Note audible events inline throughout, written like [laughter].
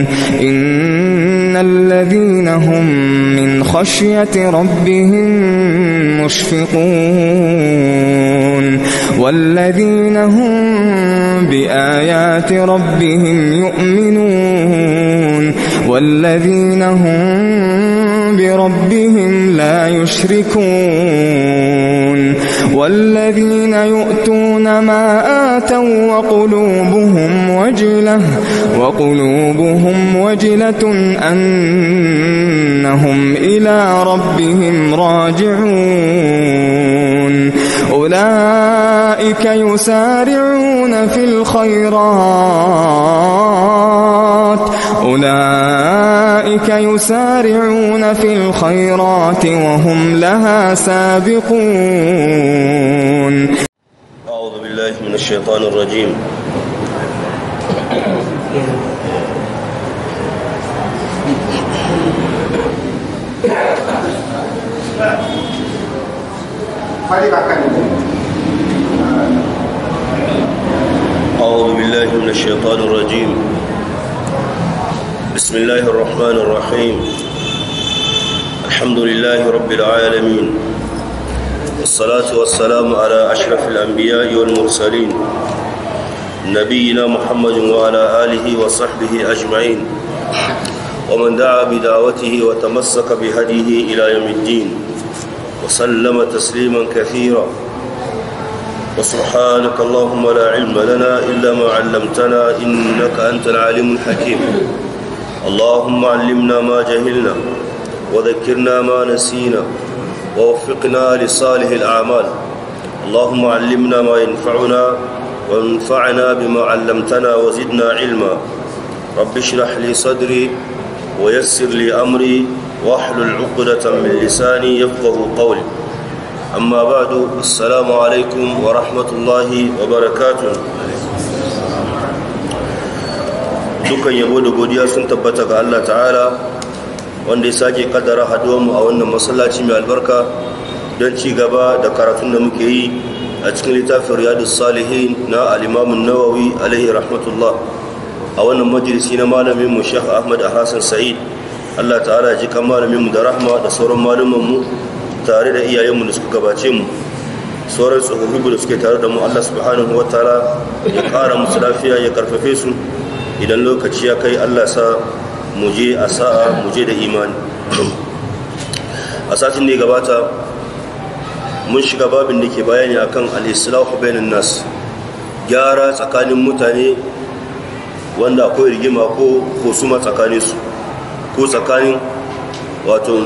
[laughs] إن الذين هم من خشية ربهم مشفقون والذين هم بآيات ربهم يؤمنون والذين هم بربهم لا يشركون والذين يؤتون ما آتوا وقلوبهم وجلة وقلوبهم وجلة أنهم إلى ربهم راجعون أولئك يسارعون في الخيرات الخيرات أولئك يسارعون في الخيرات وهم لها سابقون أعوذ بالله من الشيطان الرجيم أعوذ بالله من الشيطان الرجيم بسم الله الرحمن الرحيم الحمد لله رب العالمين والصلاة والسلام على أشرف الأنبياء والمرسلين نبينا محمد وعلى آله وصحبه أجمعين ومن دعا بدعوته وتمسك بهديه إلى يوم الدين وسلم تسليما كثيرا وسبحانك اللهم لا علم لنا إلا ما علمتنا إنك أنت العالم الحكيم اللهم علمنا ما جهلنا وذكرنا ما نسينا ووفقنا لصالح الأعمال اللهم علمنا ما ينفعنا وانفعنا بما علمتنا وزدنا علما رب اشرح لي صدري ويسر لي أمري واحلل عقدة من لساني يفقه قولي أما بعد السلام عليكم ورحمة الله وبركاته dukkan yabo da godiya sun tabbata ga Allah ta'ala wanda ya sake kaddara mu a wannan masallaci mai albarka don ci gaba da karatun da muke yi a cikin littafin riyadu salihin na alimamin nawawi alaihi rahmatullah a wannan majalisi na malamin mu Sheikh Ahmad Hassan Sa'id Allah ta'ala ji kan malamin mu da rahma da sauran malaman mu tare da iyayenmu da suka gabace mu sauran tsofaffi da suke tare da mu Allah subhanahu ta'ala ya kara musu lafiya ya karfafe su idan lokaci ya kai allah sa muje a sa'a muje da imani a satin da ya gabata mun shiga babin da ke bayani akan al-islahu nas gyara tsakanin mutane wanda akwai rigima ko husuma tsakanin su ko tsakanin wato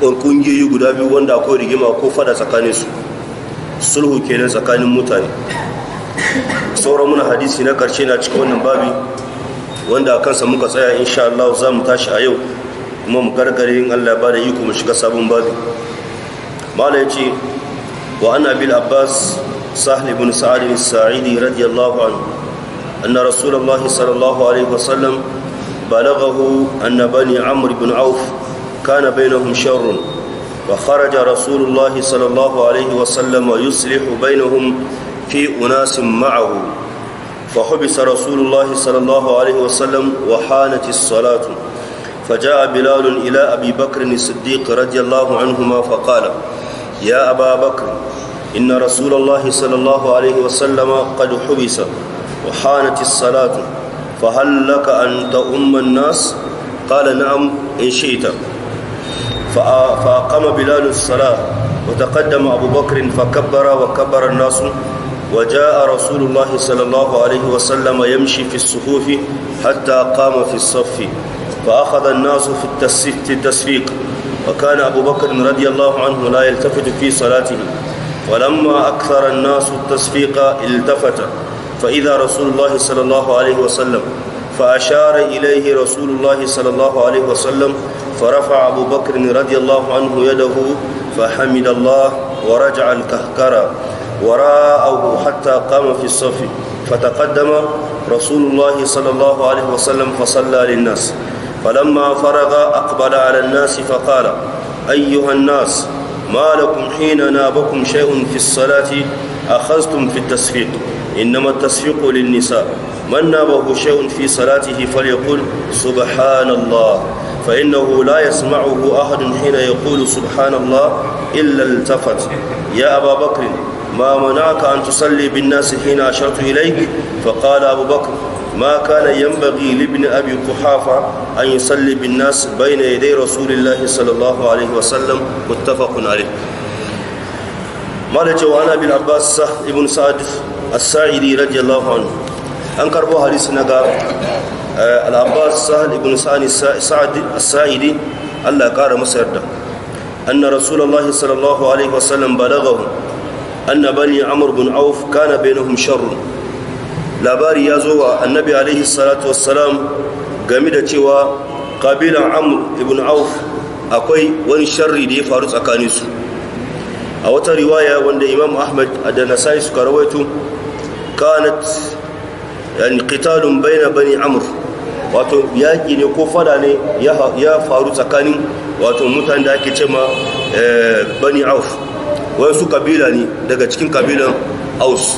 ƙungiyoyi guda biyu wanda akwai rigima ko fada tsakanin su sulhu kenan tsakanin mutane sauran muna hadisi na karshe na cikin wannan babi wanda a kansa muka tsaya insha Allah za mu tashi a yau kuma mu gargare in Allah ba da yi mu shiga sabon babi mala ya ce wa an abil abbas sahl ibn sa'ad sa'idi radiyallahu anhu anna rasulullahi sallallahu alaihi wasallam balaghahu anna bani amr ibn auf kana bainahum sharrun وخرج رسول الله صلى الله عليه وسلم يصلح بينهم في أناس معه فحبس رسول الله صلى الله عليه وسلم وحانت الصلاة فجاء بلال إلى أبي بكر الصديق رضي الله عنهما فقال يا أبا بكر إن رسول الله صلى الله عليه وسلم قد حبس وحانت الصلاة فهل لك أن تؤم الناس قال نعم إن شئت فأقام بلال الصلاة وتقدم أبو بكر فكبر وكبر الناس وجاء رسول الله صلى الله عليه وسلم يمشي في الصفوف حتى قام في الصف فأخذ الناس في التصفيق وكان أبو بكر رضي الله عنه لا يلتفت في صلاته ولما أكثر الناس التصفيق التفت فإذا رسول الله صلى الله عليه وسلم فأشار إليه رسول الله صلى الله عليه وسلم فرفع أبو بكر رضي الله عنه يده فحمد الله ورجع الكهكرة وراءه حتى قام في الصف فتقدم رسول الله صلى الله عليه وسلم فصلى للناس فلما فرغ أقبل على الناس فقال أيها الناس ما لكم حين نابكم شيء في الصلاة أخذتم في التسفيق إنما التسفيق للنساء من نابه شيء في صلاته فليقول سبحان الله فإنه لا يسمعه أحد حين يقول سبحان الله إلا التفت يا أبا بكر ما منعك أن تصلي بالناس حين أشرت إليك فقال أبو بكر ما كان ينبغي لابن أبي قحافة أن يصلي بالناس بين يدي رسول الله صلى الله عليه وسلم متفق عليه مالك وأنا بن عباس ابن سعد الساعدي رضي الله عنه أنكر بو حديث نغا العباس سهل ابن سعد الساعدي الله قال مسيرده أن رسول الله صلى الله عليه وسلم بلغه anna bani amr bin auf kana bainahum sharrun labari ya zo wa annabi alaihi salatu wassalam game da cewa kabilan amr ibn auf akwai wani sharri da ya faru tsakanin su a wata riwaya wanda imam ahmad da nasai suka rawaito kanat yani qitalun baina bani amr wato yaƙi ne ko fada ne ya faru tsakanin wato mutanen da ake cema bani auf su kabila ne daga cikin kabilan aus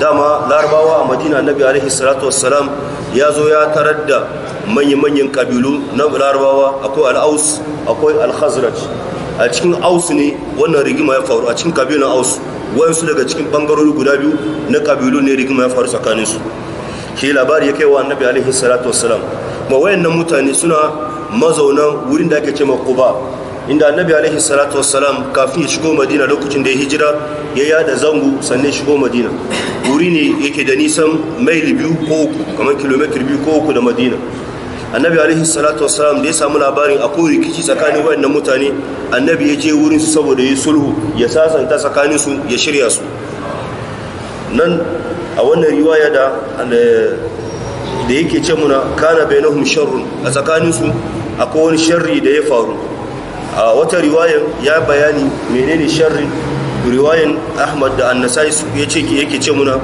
dama larabawa a madina nabi alaihi salatu wassalam ya zo ya tarar da manya-manyan kabilu na larabawa akwai al'aus akwai al-khazraj a cikin aus ne wannan rigima ya faru a cikin kabilan aus wayansu daga cikin bangarori guda biyu na kabilu ne rigima ya faru tsakaninsu shi labari ya kai wa annabi alaihi salatu wassalam ma wayannan mutane suna mazaunan wurin da ake ce ma quba inda annabi alaihi salatu wassalam kafin ya shigo madina lokacin da ya hijira ya yada zango sannan shigo madina wuri ne yake da nisan maili biyu ko uku kamar biyu ko uku da madina annabi alaihi salatu wassalam da ya samu labarin a kowai rikici tsakanin wayannan mutane annabi ya je wurin su saboda ya sulhu ya sasanta tsakanin su ya shirya su nan a wannan riwaya da da yake ce muna kana bainahum sharrun a tsakanin su akwai wani sharri da ya faru a wata riwayar ya bayani menene sharri riwayar ahmad da annasai su ya ce yake ce muna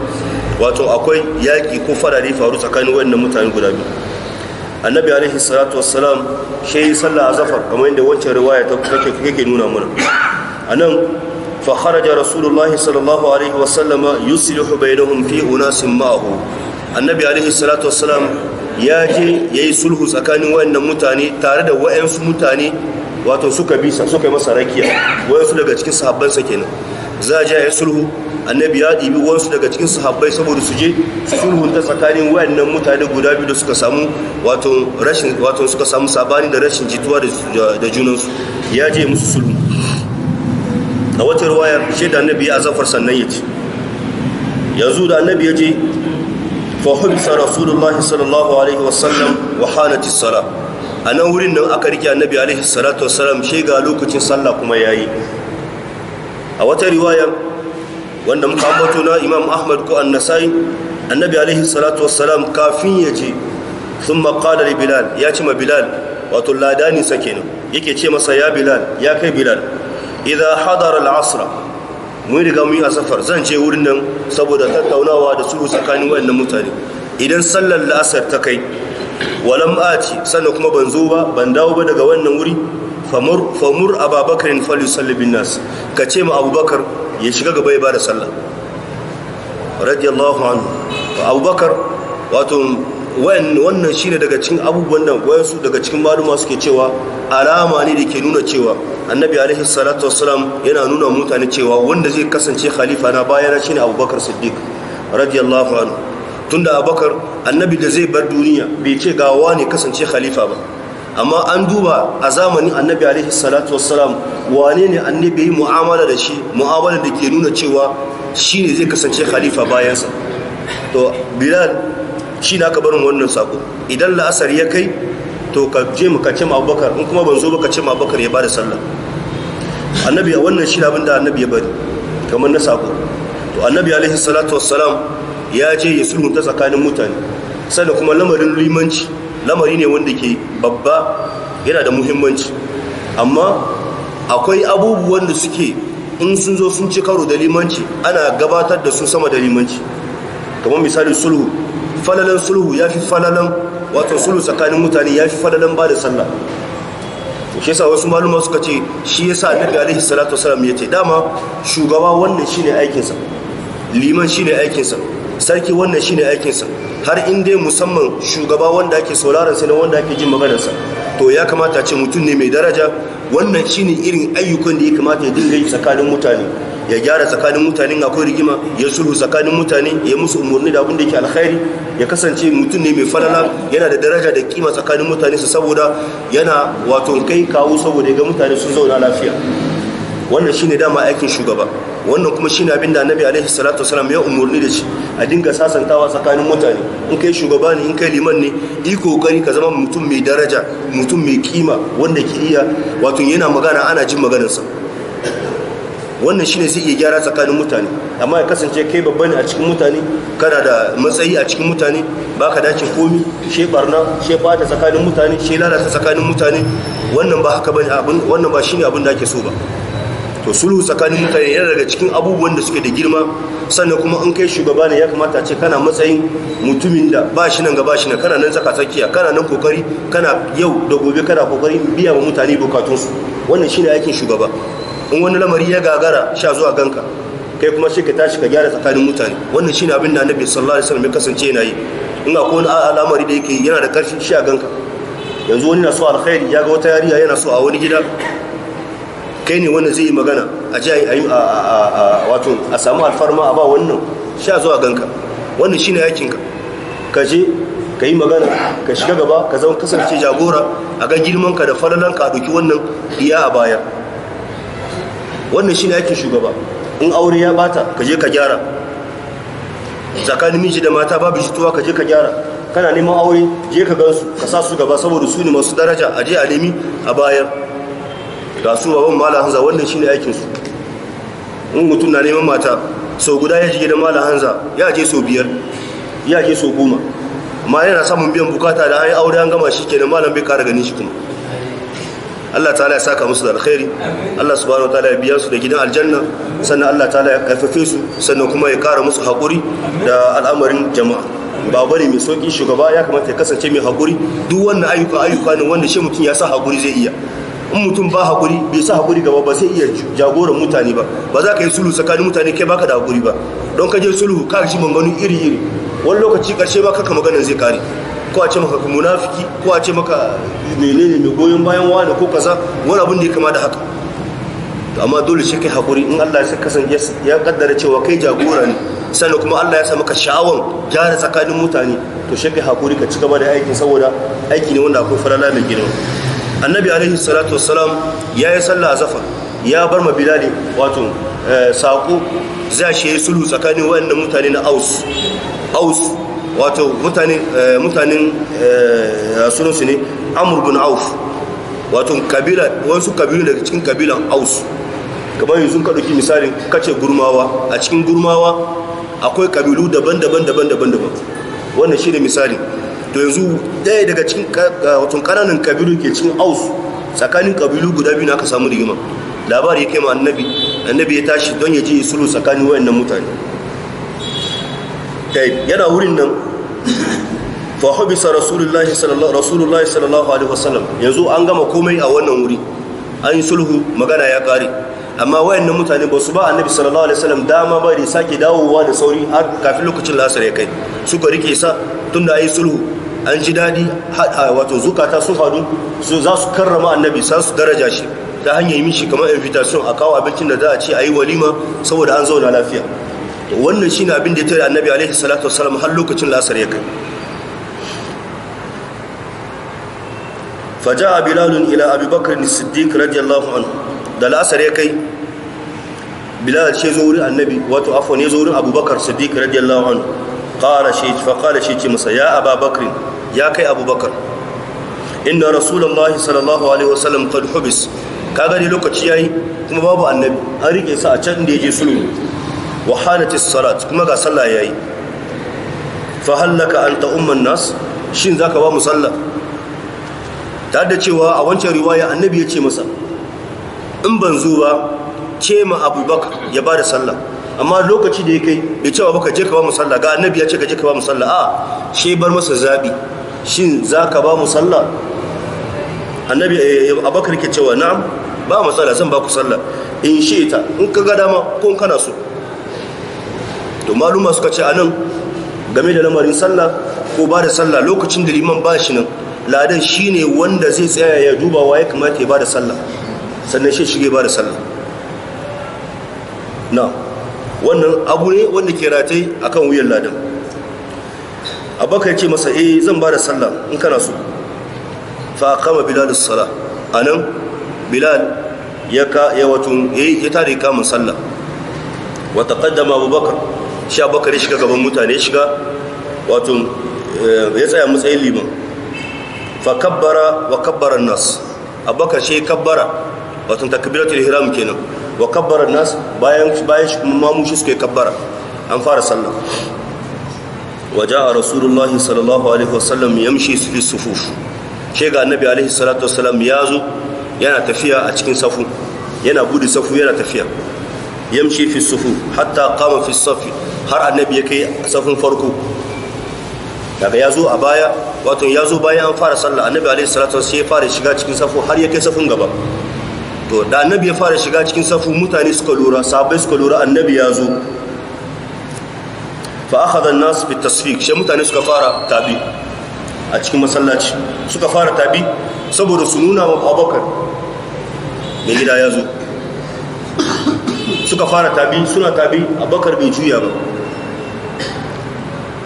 wato akwai yaƙi ko farare faru tsakanin waɗannan mutane guda biyu annabi alaihi salatu wassalam shi sallah zafar kamar yadda wancan riwaya ta kake nuna mana nan fa kharaja rasulullahi sallallahu alaihi wasallama da bainahum fi unasin ma'ahu annabi alaihi salatu wassalam ya je yayi sulhu tsakanin waɗannan mutane tare da waɗansu mutane wato suka bisa suka yi masa rakiya wayansu daga cikin sahabbansa kenan za a ya sulhu annabi ya ɗibi wasu daga cikin sahabbai saboda su je sulhun ta tsakanin wayannan mutane guda biyu da suka samu wato rashin wato suka samu sabani da rashin jituwa da junansu ya je musu sulhu a wata ruwayar da annabi ya zafar sannan ya ci yanzu da annabi ya je fa hubisa rasulullahi sallallahu alaihi wasallam wa hanatis salat a nan wurin nan aka rike annabi alaihi salatu wassalam shi ga lokacin sallah kuma yayi a wata riwaya wanda muka na imam ahmad ko annasai annabi alaihi salatu wassalam kafin ya je sun qala bilal ya ce ma bilal wato ladani sakenan yake ce masa ya bilal ya kai bilal idan hadara al-asr mun riga mun yi asafar zan je wurin nan saboda tattaunawa da su tsakanin wayannan mutane idan sallar la'asar ta kai walam ati sannan kuma ban zo ba ban dawo ba daga wannan wuri famur famur in fali sallibin nas ka ce ma abubakar ya shiga gaba ya bada sallah radiyallahu anhu abubakar wato wannan shine daga cikin abubuwan da wayansu daga cikin maluma suke cewa alama ne da ke nuna cewa annabi alaihi salatu wassalam yana nuna mutane cewa wanda zai kasance khalifa na bayana shine abubakar siddiq radiyallahu anhu tunda abubakar annabi da zai bar duniya bai ce gawa ne kasance khalifa ba amma an duba a zamanin annabi alaihi salatu wassalam wane ne annabi yi mu'amala da shi mu'amala da ke nuna cewa shi ne zai kasance khalifa bayansa to bilal shi na ka barin wannan sako idan la'asar ya kai to ka je mu ka ce ma abubakar in kuma ban zo ba ka ce ma abubakar ya bada sallah annabi wannan shi da abin da annabi ya bari kamar na sako to annabi alaihi salatu wassalam ya ce ya sulhunta tsakanin mutane sannan kuma lamarin limanci lamari ne wanda ke babba yana da muhimmanci amma akwai abubuwan da suke in sun zo sun ci karo da limanci ana gabatar da su sama da limanci kamar misali sulhu falalan sulhu ya fi falalan wato sulhu tsakanin mutane ya fi falalan ba da sallah shi yasa wasu maluma suka ce shi yasa annabi alaihi salatu wasallam ya ce dama shugaba wannan shine aikinsa liman shine aikinsa sarki wannan shine aikinsa har in dai musamman shugaba wanda ake sauraron sai wanda ake jin maganarsa to ya kamata ce mutum ne mai daraja wannan shine irin ayyukan da ya kamata ya dinga yi tsakanin mutane ya gyara tsakanin mutane akwai rigima ya sulhu tsakanin mutane ya musu umarni da abin da yake alkhairi ya kasance mutum ne mai falala yana da daraja da kima tsakanin mutane su saboda yana wato kai kawo saboda ya ga mutane sun zauna lafiya wannan shine dama aikin shugaba wannan kuma shine abin da annabi alaihi salatu wasalam ya umurni da shi a dinga sasantawa tsakanin mutane in kai shugaba ne in kai liman ne yi kokari ka zama mutum mai daraja mutum mai kima wanda ke iya wato yana magana ana jin maganarsa wannan shine zai iya gyara tsakanin mutane amma ya kasance kai babba ne a cikin mutane kana da matsayi a cikin mutane baka dace komi she barna she bata tsakanin mutane she lalata tsakanin mutane wannan ba haka bane abin wannan ba shine abin da ake so ba to sulhu tsakanin mutane yana daga cikin abubuwan da suke da girma sannan kuma in kai shugaba ne ya kamata ce kana matsayin mutumin da ba shi nan ga shi nan kana nan tsaka tsakiya kana nan kokari kana yau da gobe kana kokari biya wa mutane bukatunsu wannan shi ne aikin shugaba in wani lamari ya gagara sha zuwa ganka kai kuma shi ka tashi ka gyara tsakanin mutane wannan shi ne abin da annabi sallallahu alaihi wasallam ya kasance yana yi in akwai wani al'amari da yake yana da karfi shi a ganka yanzu wani na so alkhairi ya ga wata yariya yana so a wani gida kai ne wanda zai yi magana a jayi a wato a samu alfarma a ba wannan sha zuwa ganka wannan shine yakinka ka je ka yi magana ka shiga gaba ka zama kasance jagora a ga girmanka da falalanka a doki wannan iya a baya wannan shine yakin shugaba in aure ya bata ka je ka gyara tsakanin miji da mata babu jituwa ka je ka gyara kana neman aure je ka gansu ka sa su gaba saboda su ne masu daraja a je a nemi a bayar da su baban mala hanza wannan shine aikin su in mutum na neman mata sau guda ya jige da mala hanza ya je sau biyar ya je sau goma amma yana samun biyan bukata da an yi aure an gama shi kenan malam bai kara ganin shi kuma Allah ta'ala ya saka musu da alkhairi Allah subhanahu wa ta'ala ya biya su da gidan aljanna sannan Allah ta'ala ya karfafe su sannan kuma ya kara musu haƙuri da al'amarin jama'a ba bane mai sauki shugaba ya kamata ya kasance mai haƙuri duk wannan ayyuka ayyuka ne wanda shi mutum ya sa haƙuri zai iya in mutum ba haƙuri bai sa haƙuri gaba ba zai iya jagoran mutane ba ba za ka yi sulhu tsakanin mutane kai baka da haƙuri ba don ka je sulhu ka shi manganu iri iri wani lokaci ƙarshe ba kaka maganin zai kare ko a ce maka munafiki ko a ce maka menene mai goyon bayan wani ko kaza wani abin da ya kama da haka amma dole shi kai haƙuri in Allah ya san ya kaddara cewa kai jagora ne sannan kuma Allah ya sa maka sha'awan gyara tsakanin mutane to shi kai haƙuri ka ci gaba da aikin saboda aiki ne wanda akwai farala mai girma annabi alaihi salatu wassalam ya yi sallah zafa ya bar ma bilali wato eh, saƙo za shi ya yi sulhu tsakanin waɗanda mutane na aus aus wato eh, mutanen eh, sunansu ne amurbin aus wato kabila wasu kabilu daga cikin kabilan aus kamar yanzu ka ɗauki misalin kace gurmawa a cikin gurmawa akwai kabilu daban-daban daban-daban wannan shi ne misali to yanzu ɗaya daga cikin watan ƙananan kabilu ke cikin aus tsakanin kabilu guda biyu na aka samu rigima labari ya kai ma annabi ya tashi don ya ji sulu tsakanin wayannan mutane yana wurin nan fa hubisa rasulullahi sallallahu rasulullahi sallallahu alaihi wasallam yanzu an gama komai a wannan wuri an yi sulhu magana ya ƙare. amma wayannan mutane ba su ba annabi sallallahu alaihi wasallam dama ba da sake dawowa da sauri har kafin lokacin lasar ya kai suka rike sa tunda ayi sulhu an ji dadi wato zukata sun hadu su za su karrama annabi sa su daraja shi ta hanyar yi mishi kamar invitation a kawo abincin da za a ci ayi walima saboda an zauna lafiya to wannan shine abin da ya tare annabi alaihi salatu wasallam har lokacin lasar ya kai فجاء بلال إلى أبي بكر الصديق رضي الله عنه da la'asar ya kai bilal ce zo wurin annabi wato afon ne zo wurin abubakar siddiq radiyallahu anhu qala shi fa qala shi ce masa ya ababakar ya kai abubakar inna rasulullahi sallallahu alaihi wasallam qad hubis ka gani lokaci yayi kuma babu annabi an rike sa a can da yaje sulhu wa halatis salat kuma ga sallah yayi fa hallaka anta umman nas shin zaka ba mu sallah ta da cewa a wancan riwaya annabi ya ce masa in ban zo ba ce ma abubakar ya ba da sallah amma lokaci da ya kai bai cewa baka je ka ba mu sallah ga annabi ya ce ka je ka ba mu sallah a shi bar masa zabi shin za ka ba mu sallah annabi eh, abubakar ke cewa na ba mu sallah zan ba ku sallah in eh, shi ta in ka ga dama ko in kana so to maluma suka ce nan game da lamarin sallah ko ba da sallah lokacin da liman ba shi nan ladan shine wanda zai tsaya ya duba wa ya kamata ya ba da sallah sannan shi shige ba da sallah na wannan abu ne wanda ke ratai akan wuyan ladan abubakar ce masa eh zan ba da sallah in kana so fa kama bilal a anan bilal ya ka ya wato ya tare kamun sallah wa taqaddama abubakar shi abubakar shiga gaban mutane shiga wato eh, ya tsaya matsayin liman fa kabbara wa kabbara nas abubakar shi kabbara wato takbiratul ihram kenan wa kabbara nas bayan bayan shi kuma mamu shi kabbara an fara sallah waja'a rasulullahi sallallahu alaihi wasallam yamshi fi sufuf she ga annabi alaihi salatu wasallam yazo yana tafiya a cikin safu yana gudu safu yana tafiya yamshi fi sufuf hatta qama fi safi har annabi ya kai safin farko daga ya zo a baya wato ya zo bayan an fara sallah annabi alaihi salatu wasallam sai ya fara shiga cikin safu har ya kai safin gaba to da annabi ya fara shiga cikin safu mutane suka lura sahabbai suka lura annabi ya zo fa akhadha an-nas bi tasfiq shi mutane suka fara tabi a cikin masallaci suka fara tabi saboda su nuna wa Abubakar mai gida ya zo suka fara tabi suna tabi Abubakar bai juya ba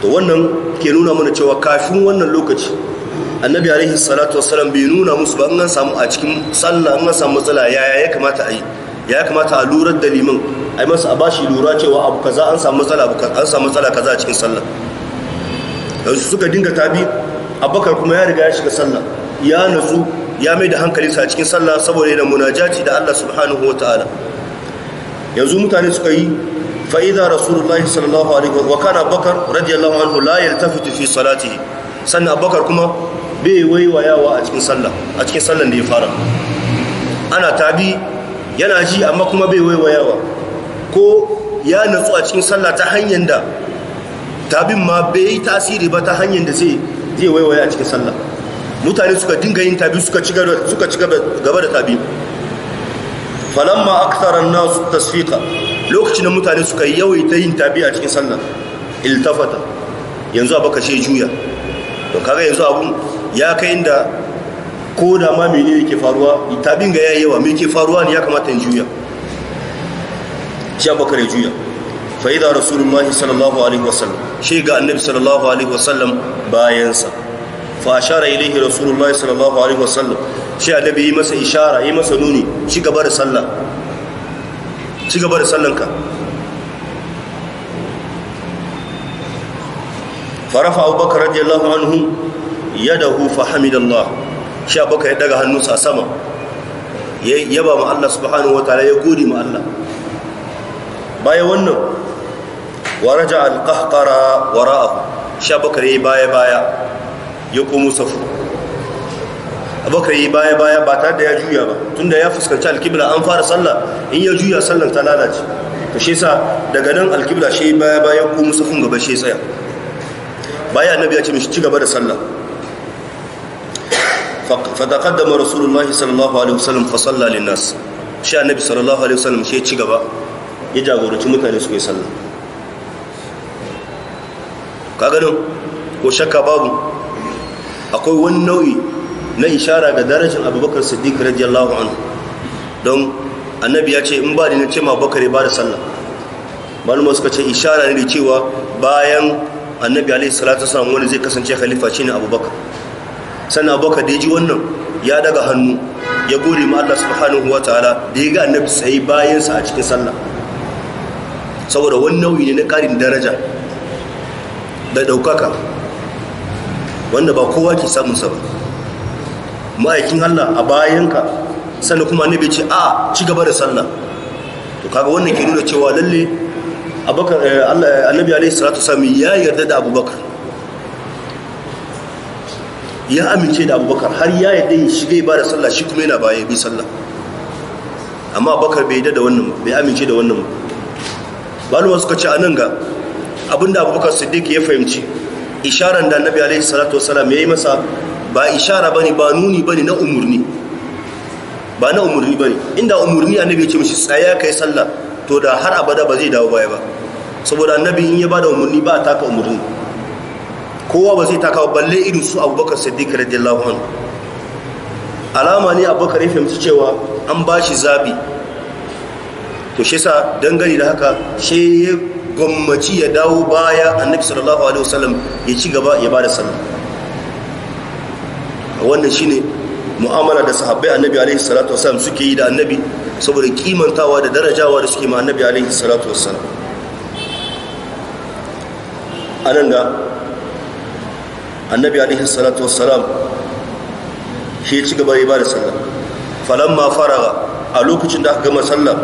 to wannan ke nuna mana cewa kafin wannan lokaci annabi alaihi salatu wasalam bai nuna musu ba an samu a cikin sallah an samu matsala yaya ya kamata a yi ya kamata a lurar da liman a yi masa a ba shi lura cewa abu kaza an samu matsala an samu matsala kaza a cikin sallah yanzu suka dinga tabi Abubakar kuma ya riga ya shiga sallah ya nutsu ya mai da hankali a cikin sallah saboda yana munajati da Allah subhanahu wa ta'ala yanzu mutane suka yi fa'iza rasulullahi sallallahu alaihi wa kana bakar radiyallahu anhu la yaltafitu fi salatihi sannan Abubakar kuma bai waiwayawa a cikin sallah a cikin sallan da ya fara ana tabi yana ji amma kuma bai waiwayawa ko ya natsu a cikin sallah ta hanyar da tabin ma bai yi tasiri ba ta hanyar da zai zai waiwaya a cikin sallah mutane suka dinga yin tabi suka ci gaba da tabi falamma aktharan nasu tasfika lokacin da mutane suka yawaita yin tabi a cikin sallah iltafata yanzu abaka she juya to kaga yanzu abu. ya kai inda ko da ma mene yake faruwa tabin ga yayi yawa me yake faruwa ne ya kamata in juya shi abubakar ya juya fa idza rasulullahi sallallahu alaihi wasallam shi ga annabi sallallahu alaihi wasallam bayansa fa ashara ilaihi rasulullahi sallallahu alaihi wasallam shi annabi yi masa ishara yi masa nuni shi gaba da sallah ci gaba da sallanka farafa abubakar radiyallahu anhu yadahu fa hamidallah sha baka ya daga hannunsa sama ya yaba ma Allah subhanahu ta'ala ya gode ma Allah bayan wannan wa raja al wa wara'ahu sha baka ya baya baya ya komo safu abakar yi baya baya ba tare da ya juya ba tunda ya fuskanci alkibla an fara sallah in ya juya sallan ta lalace to shi sa daga nan alkibla shi baya baya ko musafin gaba shi tsaya baya annabi ya ce mishi ci gaba da sallah فتقدم رسول الله صلى الله عليه وسلم فصلى للناس shi annabi sallallahu alaihi wasallam shi ya ci gaba ya jagoranci mutane su yi sallah ka ganin ko shakka babu akwai wani nau'i na ishara ga darajar abubakar siddiq radiyallahu anhu don annabi ya ce in ba ni na ce ma ba da sallah malama suka ce ishara ne da cewa bayan annabi alaihi salatu wasallam wani zai kasance khalifa shine abubakar sannan abubakar da ya ji wannan ya daga hannu ya gode ma Allah subhanahu wa ta'ala da ya ga annabi sai bayansa a cikin sallah saboda wani nau'i ne na ƙarin daraja da ɗaukaka wanda ba kowa ke samun sa ba ma'aikin Allah a bayanka sannan kuma annabi ce a ci gaba da sallah to kaga wannan ke nuna cewa lalle eh, Allah annabi alaihi salatu sami ya yarda da abubakar ya amince da abubakar har ya yadda ya shigai ba da sallah shi kuma yana baya bi sallah amma abubakar bai da wannan bai amince da wannan baluma suka ce a nan ga abinda abubakar siddiq ya fahimci isharar da annabi alaihi salatu wasalam ya yi masa ba ishara bane ba nuni bane na umurni ba na umurni bane inda umurni annabi ya ce mishi tsaya kai sallah to da har abada ba zai dawo baya ba saboda annabi in ya bada umurni ba a taka umurni kowa ba zai takawa balle irin su abubakar siddiq radiyallahu anhu alama ne abubakar ya fahimci cewa an ba shi zabi to shi sa dangane da haka shi ya gwammaci ya dawo baya annabi sallallahu alaihi wasallam ya ci gaba ya ba da sallam wannan shine mu'amala da sahabbai annabi alaihi salatu wasallam suke yi da annabi saboda kimantawa da darajawa da suke ma annabi alaihi salatu wasallam anan da annabi alaihi salatu wassalam shi ci gaba ya ba da sallah falamma faraga a lokacin da aka gama sallah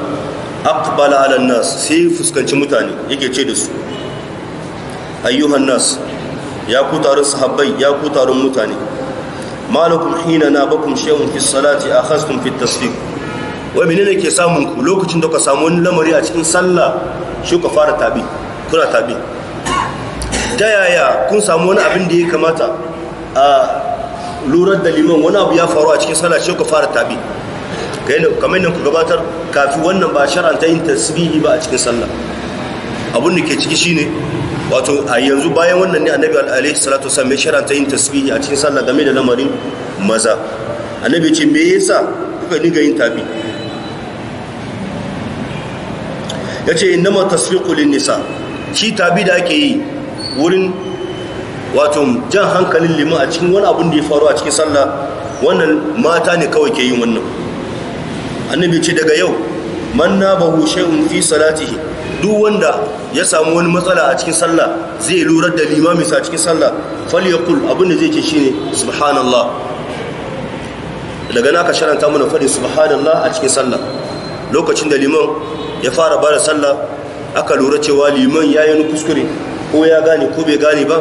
aqbala ala nas sai fuskanci mutane yake ce da su ayyuhan nas ya ku taron sahabbai ya ku taron mutane malakum hina na bakum shay'un fi salati akhastum fi tasdiq wai ne ke samun ku lokacin da ka samu wani lamari a cikin sallah shi ka fara tabi kuna tabi ta yaya kun samu wani abin da ya kamata a lurar da liman wani abu ya faru a cikin sallah shi ku fara tabi kamar yin ku gabatar kafi wannan ba shar'anta yin tasbihi ba a cikin sallah abin da ke ciki shine wato a yanzu bayan wannan ne annabi alaihi salatu wasallam ya shar'anta yin tasbihi a cikin sallah game da lamarin maza annabi ce me yasa kuka dinga yin tabi yace innama tasbiqu lin nisa shi tabi da ake yi wurin wato jan hankalin liman a cikin wani abun da ya faru a cikin sallah wannan mata ne kawai ke yin wannan annabi ce daga yau man nabahu shay'un fi salatihi duk wanda ya samu wani matsala a cikin sallah zai lura da mai sa cikin sallah falyakul abin da zai ce shine subhanallah daga naka sharanta mana fadi subhanallah a cikin sallah lokacin da liman ya fara bada sallah aka lura cewa liman yayin kuskure ko ya gane ko bai gane ba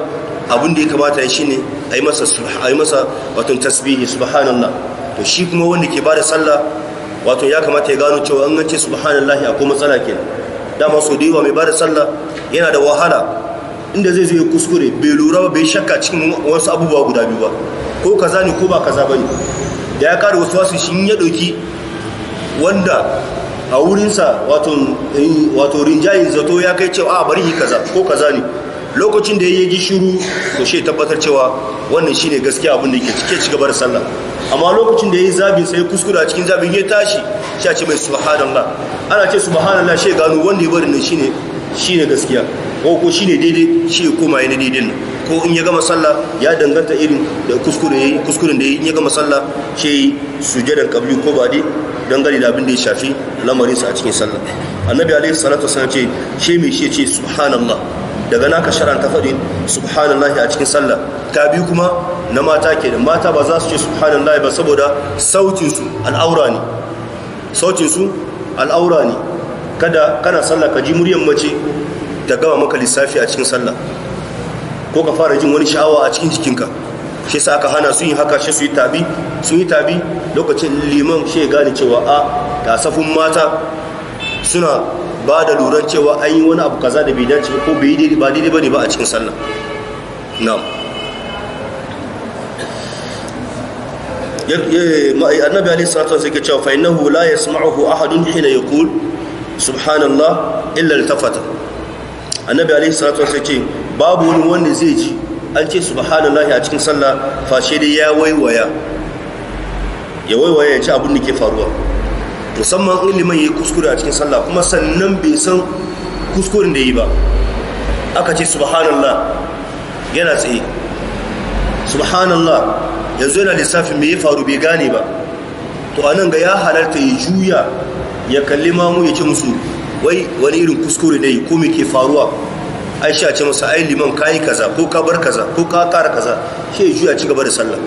abin da ya kamata shi ne a yi masa a wato tasbihi subhanallah to shi kuma wanda ke bada sallah wato ya kamata ya gano cewa an subhanallah a kuma matsala ke dama so da wa mai bada sallah yana da wahala inda zai zai kuskure bai lura ba bai shakka cikin wasu abubuwa guda biyu ba ko kaza ne ko ba kaza ne da ya kara wasu wasu shi ya dauki wanda a wurinsa wato eh, wato rinjayin zato ya kai cewa a bari kaza ko kaza ne lokacin da ya yi shiru to shi tabbatar cewa wannan shi ne gaskiya abinda ke cike ci da sallah amma lokacin da ya yi zabi sai kuskura cikin zabin ya tashi sha ce mai subhanallah ana ce subhanallah shi gano wanda ya bari nan shi ne shi ne gaskiya ko ko shi ne daidai shi ya koma yana daidai nan ko in ya gama sallah ya danganta irin da kuskuren da ya yi in ya gama sallah shi ya yi sujadan kabilu ko ba dai dangane da abin da ya shafi lamarinsa a cikin sallah annabi alaihi salatu wasallam ce shi mai shi ce subhanallah daga naka sharanta faɗin subhanallahi a cikin sallah ta biyu kuma na mata ke da mata ba za su ce subhanallahi ba saboda sautinsu al'aura ne sautinsu al'aura ne kada kana sallah ka ji muryan mace ta gama maka lissafi a cikin sallah ko ka fara jin wani sha'awa a cikin jikinka shi sa aka hana su yi haka shi su yi tabi sun yi tabi lokacin liman shi gane cewa a tasafin mata suna ba da luran cewa an yi wani abu kaza da bai dace ko bai daidai ba daidai bane ba a cikin sallah na'am annabi alaihi salatu wasallam yake cewa fa innahu la yasma'uhu ahadun ya yaqul subhanallah illa altafata annabi Ali salatu wasallam ce babu wani wanda zai ji an ce subhanallah a cikin sallah fashe dai ya waiwaya ya waiwaya ya ci abin da ke faruwa musamman ilimin liman ya yi kuskure a cikin sallah kuma sannan bai san kuskuren da yi ba aka ce subhanallah yana tsaye subhanallah yanzu yana lissafin mai ya faru bai gane ba to anan ga ya halarta ya juya ya kalli mamu ya ce musu wai wani irin kuskure ne ko me ke faruwa aisha ce masa ai liman kayi kaza ko ka bar kaza ko ka kara kaza shi juya ci gaba da sallah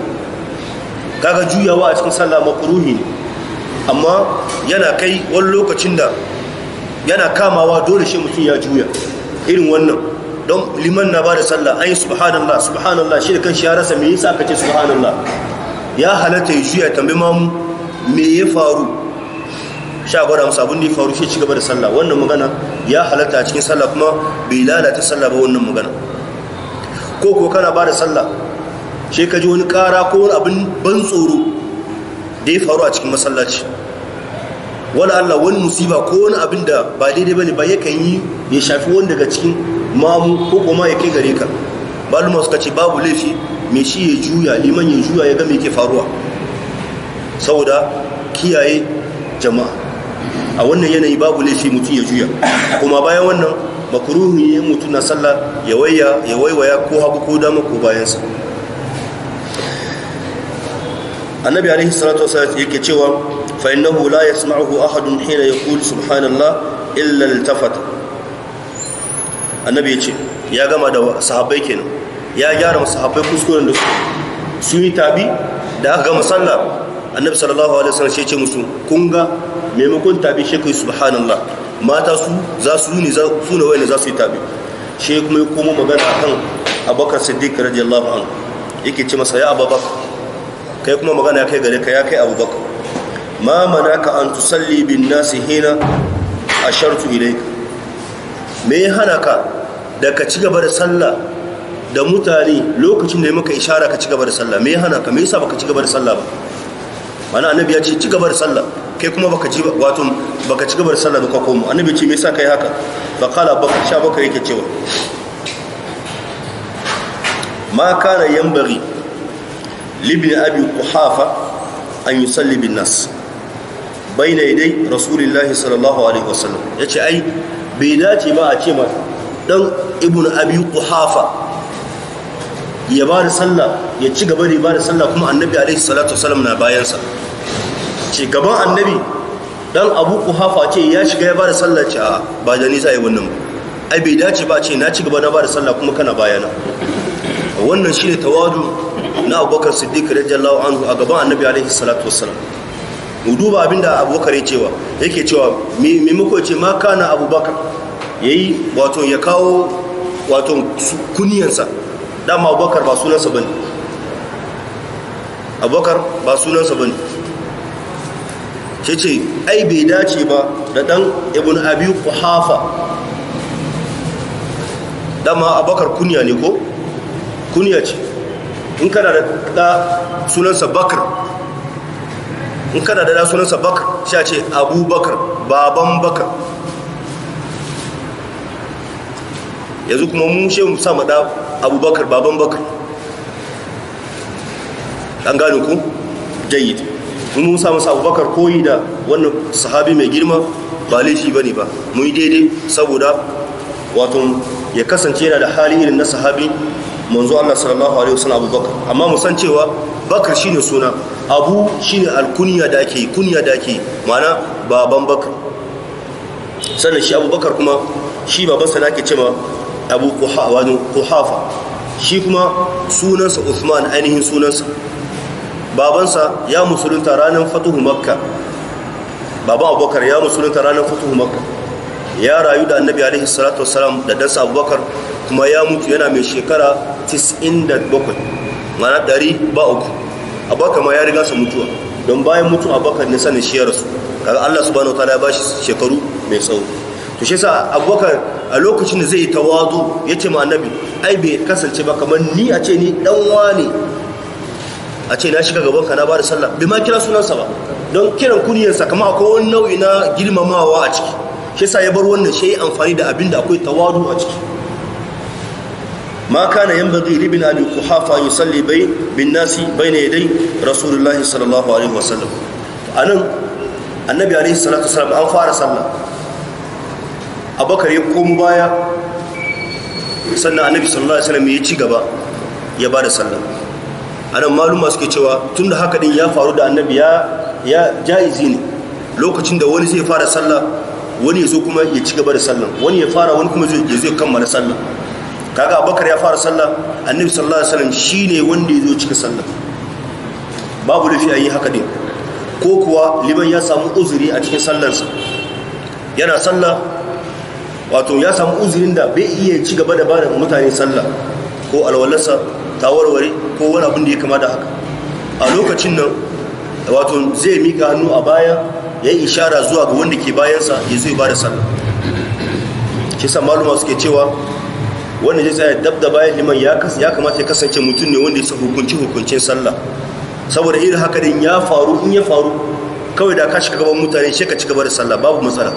kaga juyawa a cikin sallah makruhi ne amma yana kai wani lokacin da yana kamawa dole shi mutum ya juya irin wannan don liman na ba da sallah ayin subhanallah subhanallah shi da kan shi ya rasa me yasa aka ce subhanallah ya halatta ya juya tambayi mamu me ya faru sha gwada musa abin da ya faru shi ci gaba da sallah wannan magana ya halatta a cikin sallah kuma bai lalata sallah ba wannan magana ko ko kana ba da sallah shi ka ji wani kara ko wani abin ban tsoro da ya faru a cikin masallaci wala Allah wani musiba ko wani abin da ba daidai bane ba yakan yi ya shafi wani daga cikin mamu ko kuma ya kai gare ka maluma suka ce babu laifi me shi ya juya liman ya juya ya ga me ke faruwa saboda kiyaye jama'a a wannan yanayi babu laifi mutum ya juya kuma bayan wannan makuruhu yi mutum na sallah ya waiwaya ko hagu ko dama ko bayansa annabi alaihi salatu wasallam yake cewa fa innahu la yasma'uhu ahadun hina yaqul subhanallah illa iltafata annabi yace ya gama da sahabbai kenan ya gyara sahabbai kuskuren da su su yi tabi da aka gama sallah annabi sallallahu alaihi wasallam sai ce musu kun ga maimakon tabi shi kai subhanallah mata su za su ne za su ne za su yi tabi shi kuma ya komo magana akan abakar siddiq radiyallahu anhu yake ce masa ya abubakar kai kuma magana kai gare ka ya kai abu baka ma mana ka an tusalli bin nasi hina ashartu ilayka me ya hana ka da ka ci gaba da sallah da mutane lokacin da ya maka ishara ka ci gaba da sallah me ya hana ka me yasa baka ci gaba da sallah ba mana annabi ya ce ci gaba da sallah kai kuma baka ci wato baka ci gaba da sallah ka komo annabi ya ce me yasa kai haka fa qala baka sha baka yake cewa ma kana yanbaghi libin abi kuhafa an yi sallibin nas bai na idai rasulullahi sallallahu alaihi wasallam ya ce ai bai dace ba a ce ma dan ibn abi kuhafa ya ci gaba da ba da sallah kuma annabi salatu na bayansa annabi dan abu kuhafa ce ya shiga ya ba da sallah ce a ba da nisa yi wannan ba ai bai dace ba ce na ci gaba na ba da sallah kuma kana bayana wannan shi ne tawadu na abubakar siddiq radiyallahu anhu a gaban annabi alaihi salatu wassalam mu duba abinda abubakar yake cewa yake cewa maimako ce ma kana abubakar yayi wato ya kawo wato kuniyansa dama abubakar ba sunansa bane abubakar ba sunansa bane ce ce ai bai dace ba da dan ibn abi quhafa dama abubakar kuniya ne ko kuniya ce in kana da da sunansa bakar in kana da da sunansa bakar shi ce abubakar baban bakar yanzu kuma mun shi mu sa da abubakar baban bakar an gane ku jayyid mun samu sa abubakar koyi da wannan sahabi mai girma ba laifi ba ne ba mun yi daidai saboda wato ya kasance yana da hali irin na sahabi manzo Allah sallallahu alaihi wasallam Abubakar amma mu san cewa Bakar shine suna Abu shine alkunya da ake kunya da ake mana baban Bakar sannan shi Abubakar kuma shi baban sa nake cewa Abu Quhafa shi kuma sunansa Uthman ainihin sunansa babansa ya musulunta ranar fatuhu Makka baban Abubakar ya musulunta ranar fatuhu Makka ya rayu da Annabi alaihi salatu wassalam da dansa Abubakar kuma ya mutu yana mai shekara 97 mana 100 ba uku abubakar ma ya riga su mutuwa don bayan mutu abubakar ne sanin shi ya rasu kaga Allah subhanahu da ya bashi shekaru mai tsawo to shi yasa abubakar a lokacin da zai yi tawazu ce ma annabi ai bai kasance ba kamar ni a ce ni dan wane a ce na shiga gaban ka na bada sallah bai ma kira sunansa ba don kiran kuniyarsa kamar akwai wani nau'i na girmamawa a ciki shi yasa ya bar wannan shi ya yi amfani da abin da akwai tawazu a ciki ما كان ينبغي لابن أبي قحافة أن يصلي بين بالناس بين يدي رسول الله صلى الله عليه وسلم أنا النبي عليه الصلاة والسلام أن فار صلى أبو بكر يقوم بايا sannan annabi sallallahu alaihi wasallam ya ci gaba ya bada sallah anan maluma suke cewa tunda haka din ya faru da annabi ya ya jaizi ne lokacin da wani zai fara sallah wani ya zo kuma ya ci gaba da sallah wani ya fara wani kuma ya zo kammala sallah kaga abubakar ya fara sallah annabi sallallahu alaihi wasallam shine wanda ya zo cika sallah babu lafi a yi haka din ko kuwa liman ya samu uzuri a cikin sallarsa yana sallah wato ya samu uzurin da bai iya ci gaba da bada mutane sallah ko alwalarsa ta warware ko wani abin da ya kama da haka a lokacin nan wato zai mika hannu a baya ya yi ishara zuwa ga wanda ke bayansa ya zo ya bada sallah Kisan maluma suke cewa wanda zai tsaya dab da bayan liman ya kamata ya kasance mutum ne wanda ya sa hukunci hukuncin sallah saboda irin haka din ya faru in ya faru kawai da ka shiga gaban mutane shi ka ci gaba da sallah babu matsala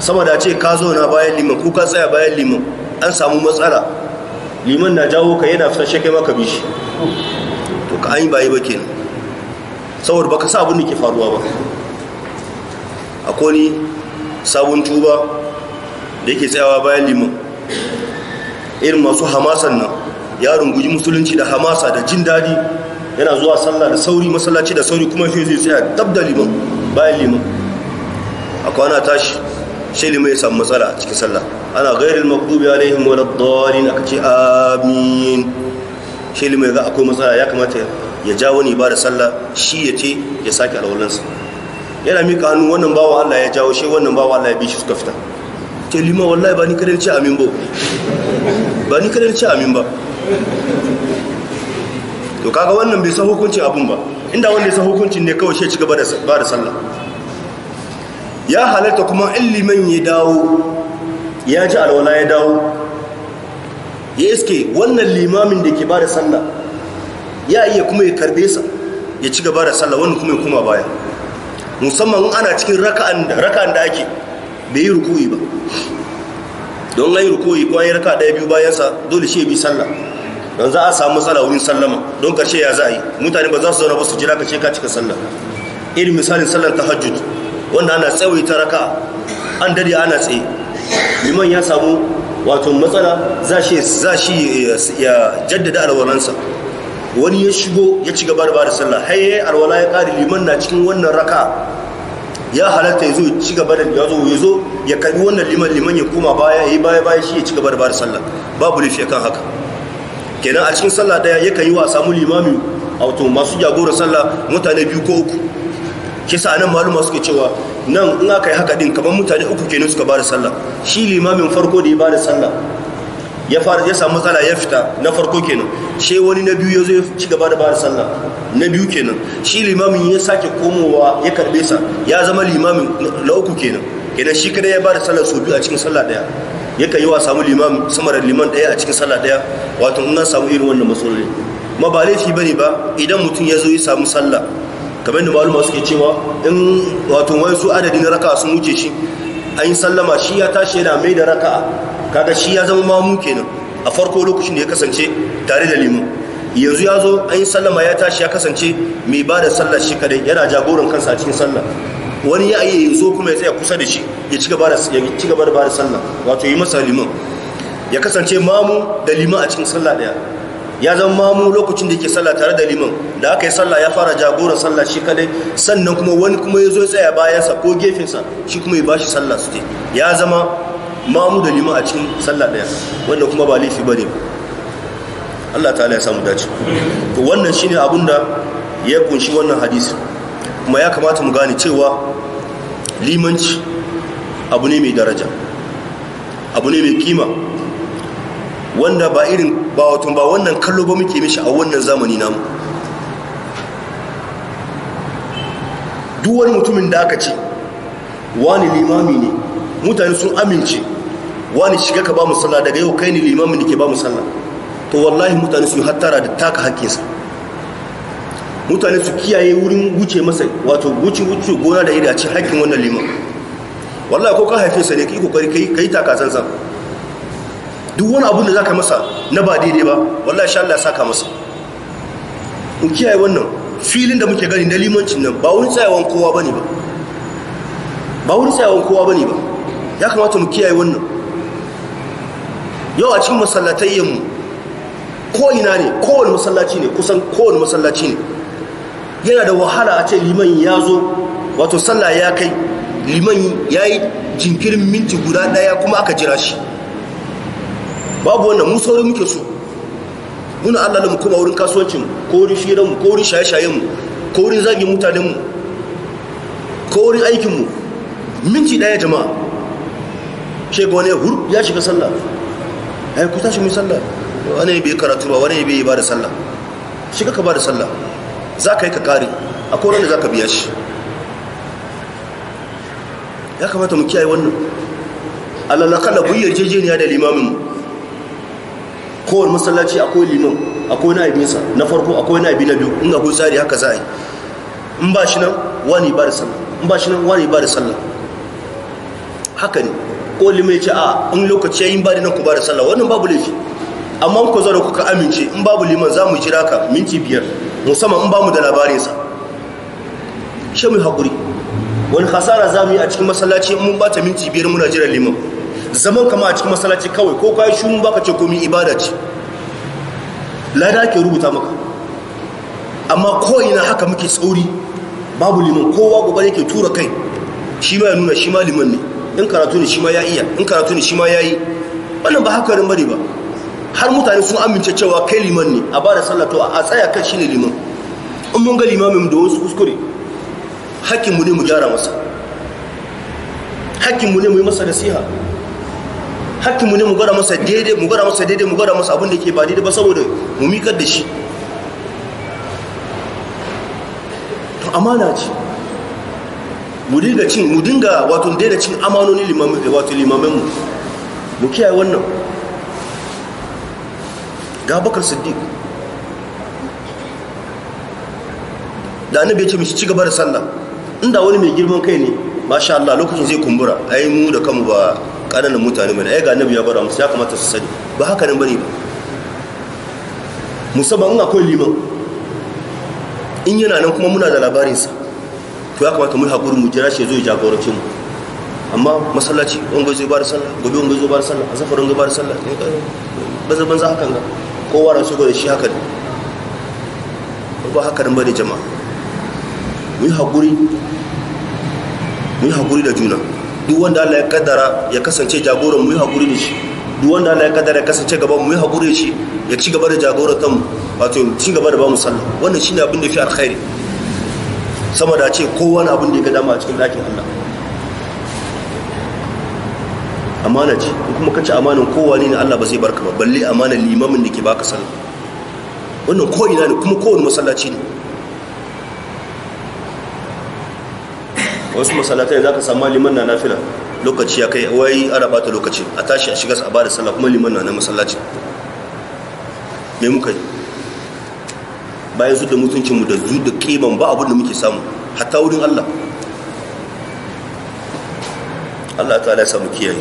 saboda ce ka zauna bayan liman ko ka tsaya bayan liman an samu matsala liman na jawo ka yana fitar shekai maka shi to ka an yi bayi ba kenan saboda baka sa abin da ke faruwa ba akwai ni sabon tuba da yake tsayawa bayan liman irin masu hamasan nan ya runguji musulunci da hamasa da jin daɗi yana zuwa sallah da sauri masallaci da sauri kuma shi zai tsaya dab da liman bayan liman a kwana tashi shi liman ya samu matsala cikin sallah ana gairin makdubi alaihim wa daddalin aka ce amin shi liman ya ga akwai matsala ya kamata ya ja wani ba da sallah shi ya ce ya sake alwalansa yana mika hannu wannan bawa Allah ya jawo shi wannan bawa Allah ya bi shi suka fita ce wallahi ba ni kadai ce amin ba ba ni kadai ce amin ba to kaga wannan bai san hukuncin abun ba inda wanda ya san hukuncin ne kawai shi ci gaba da da sallah ya halarta kuma in ya dawo ya ji alwala ya dawo ya iske wannan limamin da ke ba da sallah ya iya kuma ya karbe sa ya ci gaba da sallah wannan kuma ya kuma baya musamman ana cikin raka'an da ake bai yi rukuyi ba don ai ruku'i ko an yi raka ɗaya biyu bayansa dole shi bi sallah don za a samu matsala wurin sallama don karshe ya za a yi mutane ba za su zauna ba su jira karshe ka cika sallah irin misalin sallar tahajjud wanda ana ta raka an dade ana tsaye liman ya samu wato matsala za shi eh, ya jaddada alwalansa wani ya shigo ya ci gaba da ba da sallah har yayi alwala ya kare liman na cikin wannan raka ya halatta ya zo ya ci gaba da ya zo ya zo ya kai wannan liman liman ya koma baya ya yi baya baya shi ya ci gaba da bada sallah babu lafiya kan haka kenan a cikin sallah daya ya yi wa samu limami a masu jagorar sallah mutane biyu ko uku kisa nan maluma suke cewa nan in aka yi haka din kamar mutane uku kenan suka bada sallah shi limamin farko da ya bada sallah ya fara ya samu matsala ya fita na farko kenan she wani na biyu ya zo ya ci gaba da bada sallah na biyu kenan shi limamin ya sake komowa ya karbe sa ya zama limamin na uku kenan kenan shi kada ya bada sallah so biyu a cikin sallah daya ya yi wa samu limam samar da liman daya a cikin sallah daya wato in na samu irin wannan matsaloli ma ba laifi bane ba idan mutum ya zo ya samu sallah kamar da maluma suke cewa in wato wani su adadin raka sun wuce shi an yi sallama shi ya tashi yana mai da raka'a kaga shi ya zama mamu kenan a farko lokacin da ya kasance tare da limu yanzu ya zo an yi sallama ya tashi ya kasance mai ba da sallar shi kadai yana jagoran kansa a cikin sallah wani ya yi zo kuma ya tsaya kusa da shi ya ci gaba da ba da sallah wato yi masa liman ya kasance mamu da liman a cikin sallah daya ya zama mamu lokacin da yake sallah tare da liman da aka yi sallah ya fara jagoran sallah shi kadai sannan kuma wani kuma ya zo tsaya bayansa ko gefensa shi kuma ya bashi sallah su ya zama mamu da nima a cikin sallah ɗaya, wanda kuma ba laifi ba ne allah ta'ala ya samu dace to wannan shine abin da ya kunshi wannan hadisi kuma ya kamata mu gane cewa limanci abu ne mai daraja abu ne mai kima wanda ba irin ba watan ba wannan kallo ba muke mishi a wannan zamani namu duk wani mutumin da aka ce wani limami ne mutane sun amince wani shiga ka ba mu sallah daga yau kai ne limamin da ke ba mu sallah to wallahi mutane sun hattara da taka hakkinsa mutane su kiyaye wurin wuce masa wato wuce wuce gona da idace hakkin wannan liman wallahi ko ka haife sa ne kai kokari kai kai taka sansan duk wani abu da zaka masa na ba daidai ba wallahi insha Allah saka masa in kiyaye wannan filin da muke gani na limancin nan ba wani tsayawan kowa bane ba ba wani tsayawan kowa bane ba ya kamata mu kiyaye wannan yau a cikin masallatayyanmu ko ina ne kowane masallaci ne kusan kowane masallaci ne yana da wahala a ce liman ya zo wato sallah ya kai liman ya yi jinkirin minti guda daya kuma aka jira shi babu wannan mun saurin muke so muna allah mu kuma wurin kasuwancin ko wurin mu, ko wurin shaye-shayenmu ko wurin zagin mutanenmu ko wurin aikinmu minti daya jama'a shi wani hur ya shiga sallah ai ku tashi mu sallah wani bai karatu ba wani bai ba da sallah shiga ka ba da sallah za ka yi ka kare a da za ka biya shi ya kamata mu kiyaye wannan alalakala bu yarjejeniya da limamin kowane masallaci akwai limam akwai na ibinsa na farko akwai na ibi na biyu in kun tsari haka za a yi in ba shi nan wani ba da sallah in ba shi nan wani ba da sallah haka ne ko mai ce a in lokaci yayin ba da nan ku ba da sallah wannan babu laifi amma ku zara kuka amince in babu liman za jira ka minti biyar musamman in ba mu da labarinsa shi mu haƙuri wani hasara za mu yi a cikin masallaci mun ba ta minti biyar muna jiran liman zaman kama a cikin masallaci kawai ko kayi shi mun baka ce komi ibada ce lada ke rubuta maka amma ko'ina haka muke tsauri babu liman kowa gobe yake tura kai shi ma ya nuna shi ma liman ne in karatu ne shi ma ya iya in karatu ne shi ma ya yi wannan ba haka bane ba har mutane sun amince cewa kai liman ne a ba da sallato a tsaya kan shi ne liman in mun ga limamin da wasu kuskure hakkinmu ne mu gyara masa hakkinmu ne mu yi masa nasiha hakkinmu ne mu gwada masa daidai mu gwada masa daidai mu gwada masa abin da ke ba daidai ba saboda mu mikar da shi to amana ce mu dinga cin mudinga dinga wato daina cin amanoni limamin wato limamin mu mu kiyaye wannan ga bakar siddiq da annabi ya ce mishi ci gaba da sallah inda wani mai girman kai ne masha Allah lokacin zai kumbura ai mu da kanmu ba kananan mutane bane ai ga annabi ya gwada musu ya kamata su sani ba haka nan bane ba musamman in akwai liman in yana nan kuma muna da labarinsa to ya kamata mu haƙuri mu jira shi zo ya jagorance mu amma masallaci wani bai zo sallah gobe wani bai zo sallah azafar zo ba sallah eh, eh, banza banza haka ga kowa na shigo shi haka ne ba haka ba bane jama'a mu yi haƙuri mu yi haƙuri da juna duk wanda Allah ya kaddara ya kasance jagoran mu yi haƙuri da shi duk wanda Allah ya kaddara ya kasance gaban mu yi haƙuri da shi ya ci gaba da jagoran mu wato ci gaba da ba mu sallah wannan shine abin da fi alkhairi sama da ce kowane abin da ya ga dama a cikin ɗakin Allah amana ce kuma kace amanan kowa ne Allah ba zai barka ba balle amanan limamin da ke baka sallah wannan ko ina ne kuma kowane masallaci ne wasu masallatai za ka samu liman na nafila lokaci ya kai wai ana bata lokaci a tashi a shiga a bada sallah kuma liman na na masallaci me muka yi bayan su da mutuncinmu da zu da kiman ba abin da muke samu hatta wurin Allah Allah ta ala samu kiyaye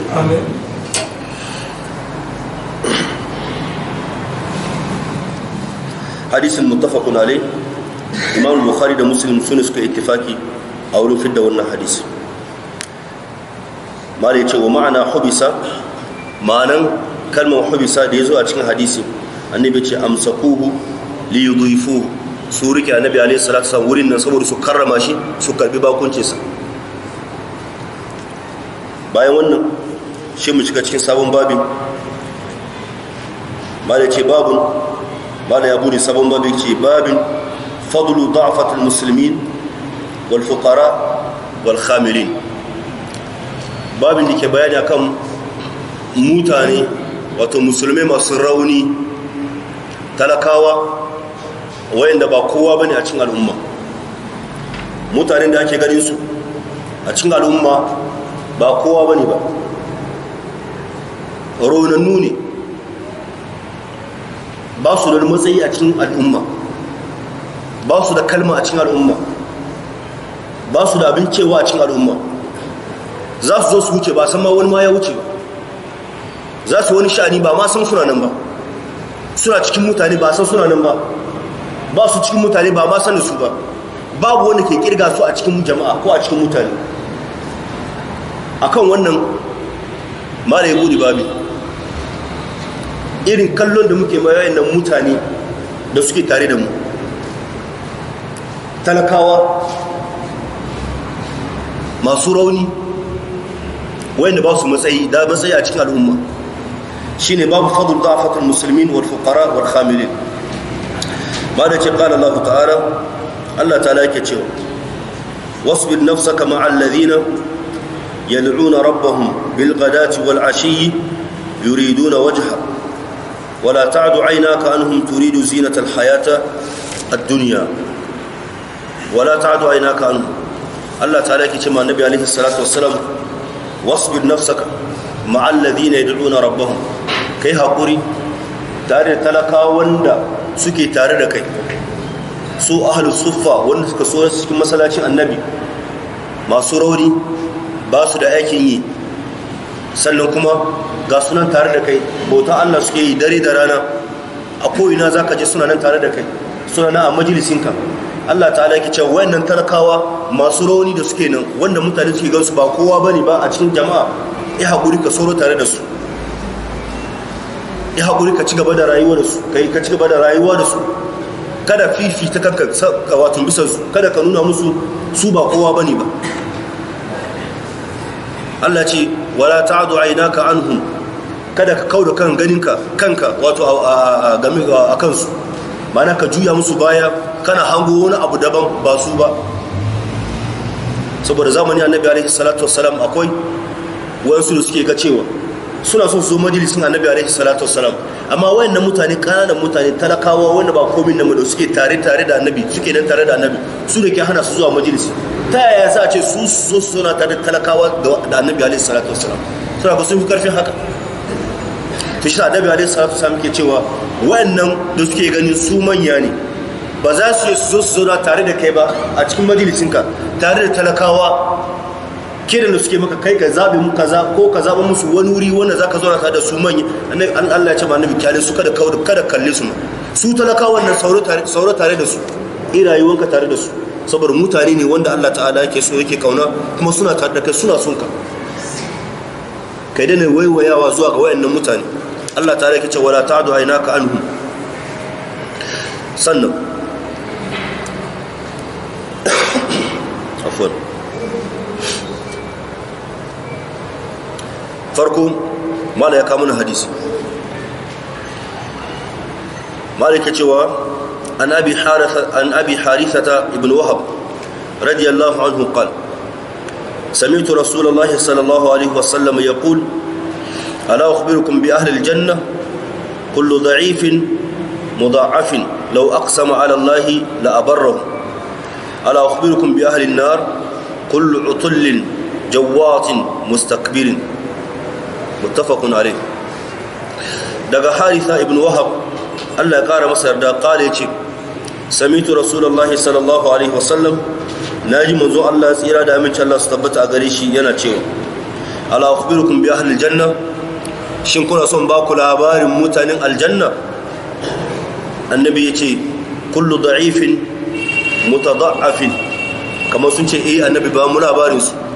hadisin muttafaqun alai imam bukhari da muslim sun suka ittifaki a wurin fidda wannan hadisi mala yace wa ma'ana hubisa ma'anan kalmar hubisa da ya zo a cikin hadisi annabi ce amsakuhu li yudhifu su rike annabi alaihi salatu wasallam wurin nan saboda su karrama shi su karbi sa bayan wannan shi mu shiga cikin sabon babi bada ce babun bada ya bude sabon babi ce babin fadlu da'fatul muslimin wal fuqara wal khamirin babin da ke bayani akan mutane wato musulmai masu rauni talakawa wayanda ba kowa bane a cikin al'umma mutanen da ake ganin su a cikin al'umma ba kowa bane ba raunannu ne ba su da matsayi a cikin al'umma ba su da kalma a cikin al'umma ba su da abin cewa a cikin al'umma za su zo su wuce ba san ma wani ma ya wuce ba za su wani sha'ani ba ma san suna nan ba suna cikin mutane ba san suna nan ba ba su cikin mutane ba ma sanin su ba babu wani ke kirga su a cikin jama'a ko a cikin mutane A kan wannan mara ya bude babi irin kallon da muke mayayin nan mutane da suke tare da mu talakawa masu rauni wayan da ba su matsayi da matsayi a cikin al'umma shi ne babu fadl da'afatul muslimin wal fuqara بعد ذلك قال الله تعالى الله تعالى كتير واصبر نفسك مع الذين يدعون ربهم بالغداة والعشي يريدون وجهه ولا تعد عيناك عنهم تريد زينة الحياة الدنيا ولا تعد عيناك عنهم الله تعالى كتير النبي عليه الصلاة والسلام واصبر نفسك مع الذين يدعون ربهم كيها قري تاري تلقى وندا suke tare da kai su ahalus suffa wanda suka so cikin masallacin annabi masu rauni ba su da aikin yi sannan kuma ga sunan tare da kai bautan Allah suke yi dare da rana a koyina za ka je suna nan tare da kai suna nan a majalisinka Allah ta'ala ki cewa wayannan talakawa masu rauni da suke nan wanda mutane suke gansu ba kowa ne ba a cikin jama'a ya haƙuri ka tsoro tare da su yi haƙuri ka ci gaba da rayuwa da su ka yi ka ci gaba da rayuwa da su kada fifita kanka watan bisa su kada ka nuna musu su ba kowa ba ne ba Allah ce wala ta'adu an hun kada ka kauda kan ganinka kanka wato a kansu mana ka juya musu baya kana hango wani abu daban ba su ba saboda zamani annabi alaihi salatu akwai wasu da suke ga cewa suna son su majalisun annabi alaihi salatu wassalam amma wayannan mutane kananan mutane talakawa wanda ba komin namu da suke tare tare da annabi suke nan tare da annabi su da ke hana su zuwa majalisi ta yaya sa ce su so su zauna tare da talakawa da annabi alaihi salatu wassalam suna ba sun fi karfin haka ta shi annabi alaihi salatu wassalam ke cewa wayannan da suke ganin su manya ne ba za su zo su zauna tare da kai ba a cikin majalisinka tare da talakawa kiran da suke maka kai ka zabe mu kaza ko ka zabe musu wani wuri wanda zaka zauna tare da su manya annabi Allah ya ce ba annabi kyale su kada kawo kada kalle su su talaka wannan sauro tare sauro tare da su in rayuwanka tare da su saboda mutane ne wanda Allah ta'ala yake so yake kauna kuma suna tare da kai suna son ka kai da ne waiwayawa zuwa ga wayannan mutane Allah ta'ala yake ce wala ta'du aynaka anhum sannan [coughs] afwan farko mala ya kawo mana hadisi malik ya cewa an abi haritha an abi harithata ibn wahab radiyallahu anhu qala سمعت رسول الله صلى الله عليه وسلم يقول ألا أخبركم بأهل الجنة كل ضعيف مضاعف لو أقسم على الله لأبره ألا أخبركم بأهل النار كل عطل جواط مستكبر muttafaqun alayh daga haritha ibn wahab Allah ya kara masa yarda kale ce samitu rasulullahi sallallahu alaihi wasallam naji manzo Allah tsira da aminci Allah su tabbata a gare shi yana cewa ala ukhbirukum bi ahli aljanna shin kuna son ba ku labarin mutanen aljanna annabi yace kullu da'ifin mutada'afin kamar sun ce eh annabi ba mu labarin su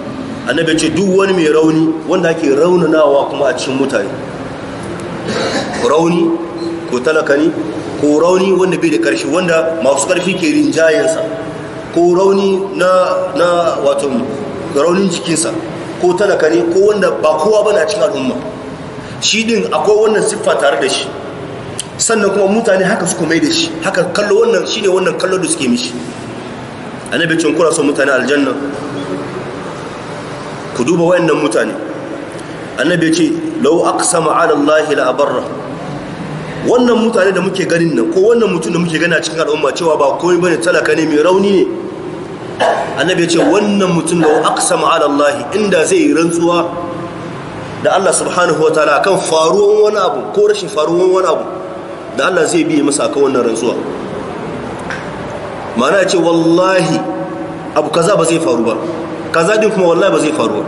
annabi ya ce duk wani mai rauni wanda ake raunanawa kuma a cikin mutane rauni ko talaka ne ko rauni wanda bai da ƙarfi wanda masu ƙarfi ke rinjayensa ko rauni na wato raunin jikinsa ko talaka ko wanda ba kowa ba na cikin al'umma shi din akwai wannan siffa tare da shi sannan kuma mutane haka suka mai da shi haka kallo wannan shi ne wannan kallo da suke mishi annabi cin kura son mutane aljanna ku duba wayannan mutane annabi ya ce lau aqsama ala Allah la barra. wannan mutane da muke ganin nan ko wannan mutum da muke gani a cikin al'umma cewa ba komai bane talaka ne mai rauni ne annabi ya ce wannan mutum lau aqsama ala Allah inda zai rantsuwa da Allah subhanahu wataala kan faruwan wani abu ko rashin faruwan wani abu da Allah zai biye masa kan wannan rantsuwa ma'ana ya ce wallahi abu kaza ba zai faru ba kaza din kuma wallahi ba zai faru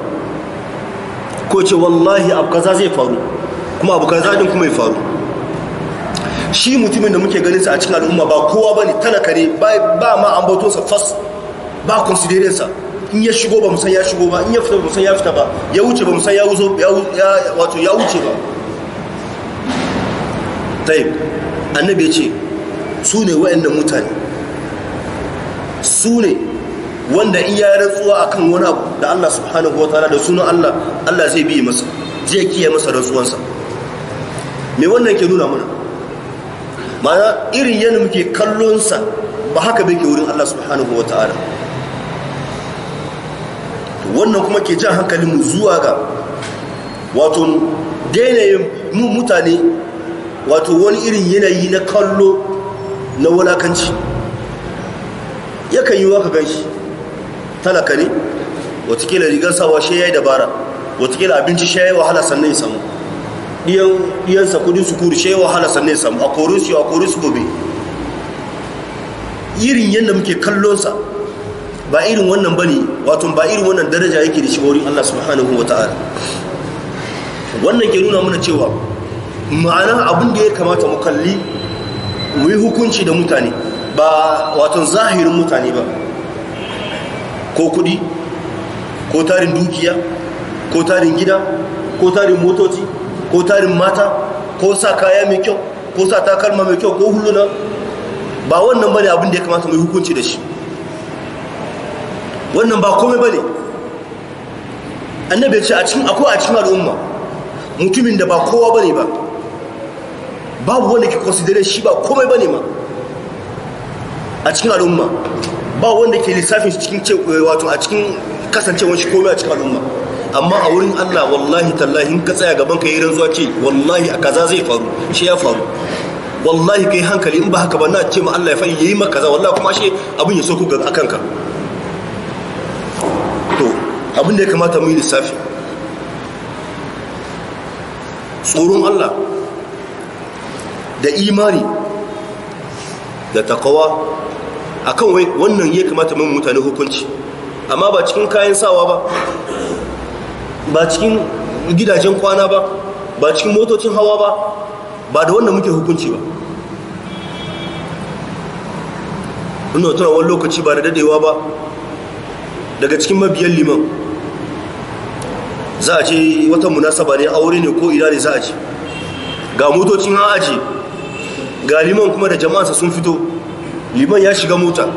ko ce wallahi abu kaza zai faru kuma abu kaza din kuma ya faru shi mutumin da muke ganin sa a cikin al'umma ba kowa bane talaka ne ba ma an bato sa fas ba considering sa in ya shigo ba musan ya shigo ba in ya fita ba musan ya fita ba ya wuce ba musan ya wuzo ya wato ya wuce ba tayyib annabi ya ce su ne wa'annan mutane su ne wanda in ya rantsuwa akan wani abu da Allah subhanahu wataala da sunan Allah Allah zai biye masa zai kiyaye masa rantsuwansa me wannan ke nuna mana ma'ana irin yadda muke kallon sa ba haka bai ke wurin Allah subhanahu wataala wannan kuma ke jan mu zuwa ga wato mu mutane wato wani irin yanayi na kallo na wulakanci yakan yi waka gan shi talaka ne watakila rigar sawa shi ya yi dabara watakila abinci shi ya yi wahala sannan ya samu ɗiyansa kudin su kuri shi ya yi wahala sannan ya samu a kori su a kori su gobe irin yadda muke kallonsa ba irin wannan ba ne wato ba irin wannan daraja yake da shi wurin allah subhanahu wa ta'ala wannan ke nuna mana cewa ma'ana abin da ya kamata mu kalli mu yi hukunci da mutane ba wato zahirin mutane ba ko kudi ko tarin dukiya ko tarin gida ko tarin motoci ko tarin mata ko sa kaya mai kyau ko sa takalma mai kyau ko huluna ba wannan bane abin da ya kamata mai hukunci da shi wannan ba komai bane annabi ya ce a cikin akwai a cikin al'umma mutumin da ba kowa bane ba babu wanda ke consider shi ba komai bane ma a cikin al'umma ba wanda ke lissafin shi cikin eh, wato a cikin kasancewar shi komai a cikin al'umma amma a wurin Allah wallahi tallahi in ka tsaya gaban ka yi rantsuwa ce wallahi a kaza zai faru shi ya faru wallahi kai hankali in ba haka ba na ce ma Allah ya fa yi maka kaza wallahi kuma shi abin ya so ku ga akan ka to abin da ya kamata mu yi lissafi tsoron Allah da imani da takawa akan wai wannan ya kamata mun mutane hukunci amma ba cikin kayan sawa ba ba cikin gidajen kwana ba ba cikin motocin hawa ba ba da wannan muke hukunci ba wannan tuna wani lokaci ba da dadewa ba daga cikin mabiyan liman za a ce wata munasaba ne aure ne ko ina ne za a ce ga motocin an aji ga liman kuma da jama'ansa sun fito liman ya shiga mota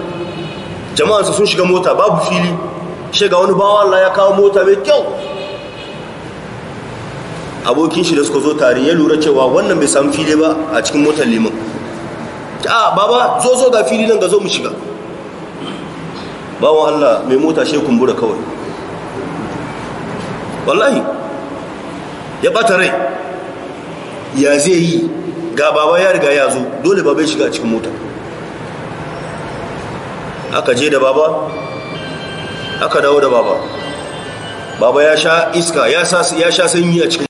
jama'ansa sun shiga mota babu fili shiga wani bawa Allah ya kawo mota mai kyau abokin shi da suka zo tare ya lura cewa wannan bai samu fili ba a cikin motar liman a baba zo zo ga fili nan ga zo mu shiga bawo Allah mai mota shi kumbura kawai wallahi ya bata rai ya zai yi ga baba ya riga ya zo dole baba ya shiga a cikin motar aka je da baba aka dawo da baba baba ya sha iska ya sha sanyi a cikin